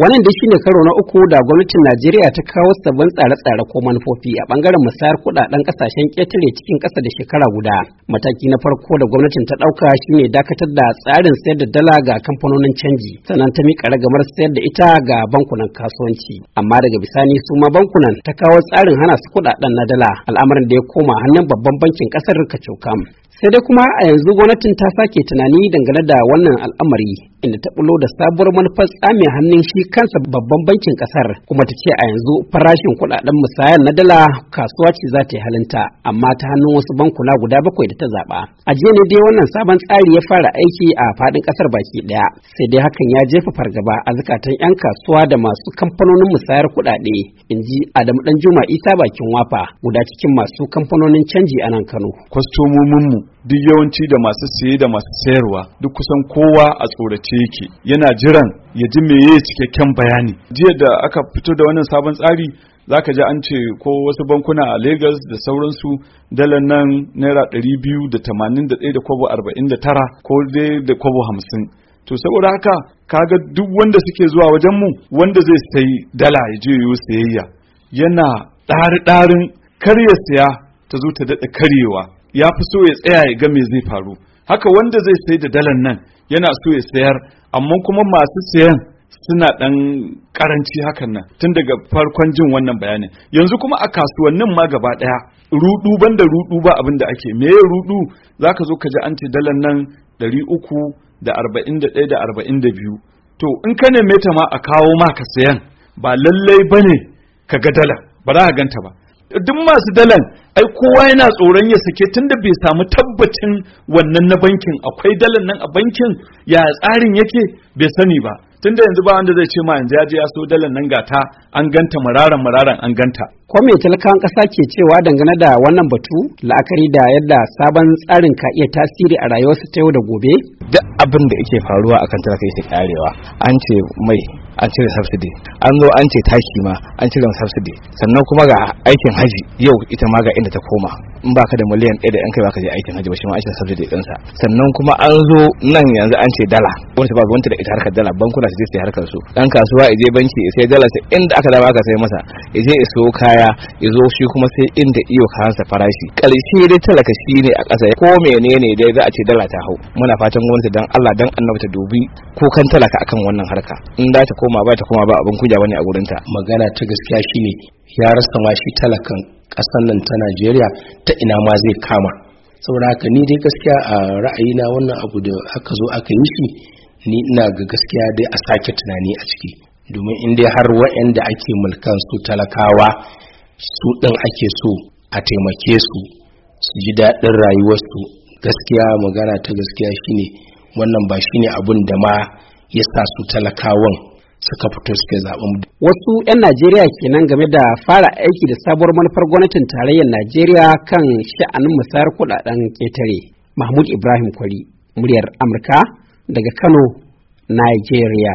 wannan da shine karo na uku da gwamnatin najeriya ta kawo sabbin tsare-tsare ko manufofi a bangaren musayar kudaden kasashen ketare cikin ƙasa da shekara guda mataki na farko da gwamnatin ta dauka shine dakatar da tsarin sayar da dala ga kamfanonin canji sannan ta mika ragamar sayar da ita ga bankunan kasuwanci amma daga bisani su ma bankunan ta kawo tsarin hana su kudaden na dala al'amarin da ya koma hannun babban bankin kasar kacokam sai dai kuma a yanzu gwamnatin ta sake tunani dangane da wannan al'amari inda ta bulo da sabuwar manufar tsame hannun shi kansa babban bankin kasar kuma ta ce a yanzu farashin kuɗaɗen musayar na dala kasuwa ce za ta yi halinta amma ta hannun wasu bankuna guda bakwai da ta zaba a jiya ne dai wannan sabon tsari ya fara aiki a faɗin ƙasar baki ɗaya, sai dai hakan ya jefa fargaba a zukatan yan kasuwa da masu kamfanonin musayar kuɗaɗe, in ji adamu dan juma isa bakin wafa guda cikin masu kamfanonin canji a nan kano mu. duk yawanci da masu siye da masu sayarwa duk kusan kowa a tsorace yake yana jiran ya ji meye cikakken bayani jiya da aka fito da wannan sabon tsari zaka ji an ce ko wasu bankuna a Lagos da sauransu dalar nan naira ɗari biyu da tamanin da ɗaya da kwabo arba'in da tara ko dai da kwabo hamsin to saboda haka ka ga duk wanda suke zuwa wajen mu wanda zai sayi dala ya je yo sayayya yana ɗari ɗarin kar ya siya ta zo ta daɗa karyewa ya fi so ya tsaya ya ga me zai faru haka wanda zai sai da dalan nan yana so ya sayar amma kuma masu sayan suna ɗan karanci hakan nan tun daga farkon jin wannan bayanin yanzu kuma a kasuwannin ma gaba ɗaya rudu banda rudu ba abin da ake me rudu zaka zo ka ji an ce dalan nan ɗari uku da arba'in da ɗaya arba'in da biyu to in ka neme ta ma a kawo ma ka sayan ba lallai bane ka ga dala ba za ka ganta ba duk masu dalan ai kowa yana tsoron ya sake tunda bai samu tabbacin wannan na bankin akwai dalan nan a bankin ya tsarin yake bai sani ba tunda yanzu ba wanda zai ce ma yanzu ya je ya so dalan nan gata an ganta mararan mararan an ganta ko me talakawan kasa ke cewa dangane da wannan batu la'akari da yadda sabon tsarin ka iya tasiri a rayuwarsu ta yau da gobe da abin da yake faruwa a kan talaka yake karewa an ce mai an cire subsidy an zo an ce taki ma an cire subsidy sannan kuma ga aikin haji yau ita ma ga inda ta koma in baka da miliyan ɗaya da yan kai baka je aikin haji ba shi ma aikin subsidy din sa sannan kuma an zo nan yanzu an ce dala wanda ba wanda da ita harkar dala bankuna su je su harkar su dan kasuwa ya je banki ya sai dala sai inda aka dama aka sai masa ya je ya kaya ya zo shi kuma sai inda iyo kayansa farashi karshe dai talaka shi ne a ƙasa ko menene dai za a ce dala ta hau muna fatan gwamnati dan Allah dan annabi ta dubi kan talaka akan wannan harka in da ta koma ba ta koma ba abin kuja bane a ta magana ta gaskiya shine ya rasa ma shi talakan ƙasar nan ta Najeriya ta ina ma zai kama saboda haka ni dai gaskiya a ra'ayina wannan abu da aka zo aka yi shi ni ina ga gaskiya dai a sake tunani a ciki domin in dai har wa'anda ake mulkan su talakawa su ɗin ake so a taimake su su ji daɗin rayuwarsu gaskiya magana ta gaskiya shine wannan ba shi ne abun da ma ya sa su talakawan suka fito suke zaben wasu 'yan najeriya kenan game da fara aiki da sabuwar manufar gwamnatin tarayyar najeriya kan sha'anin musayar kudaden ketare mahmud ibrahim kwari muryar amurka daga kano najeriya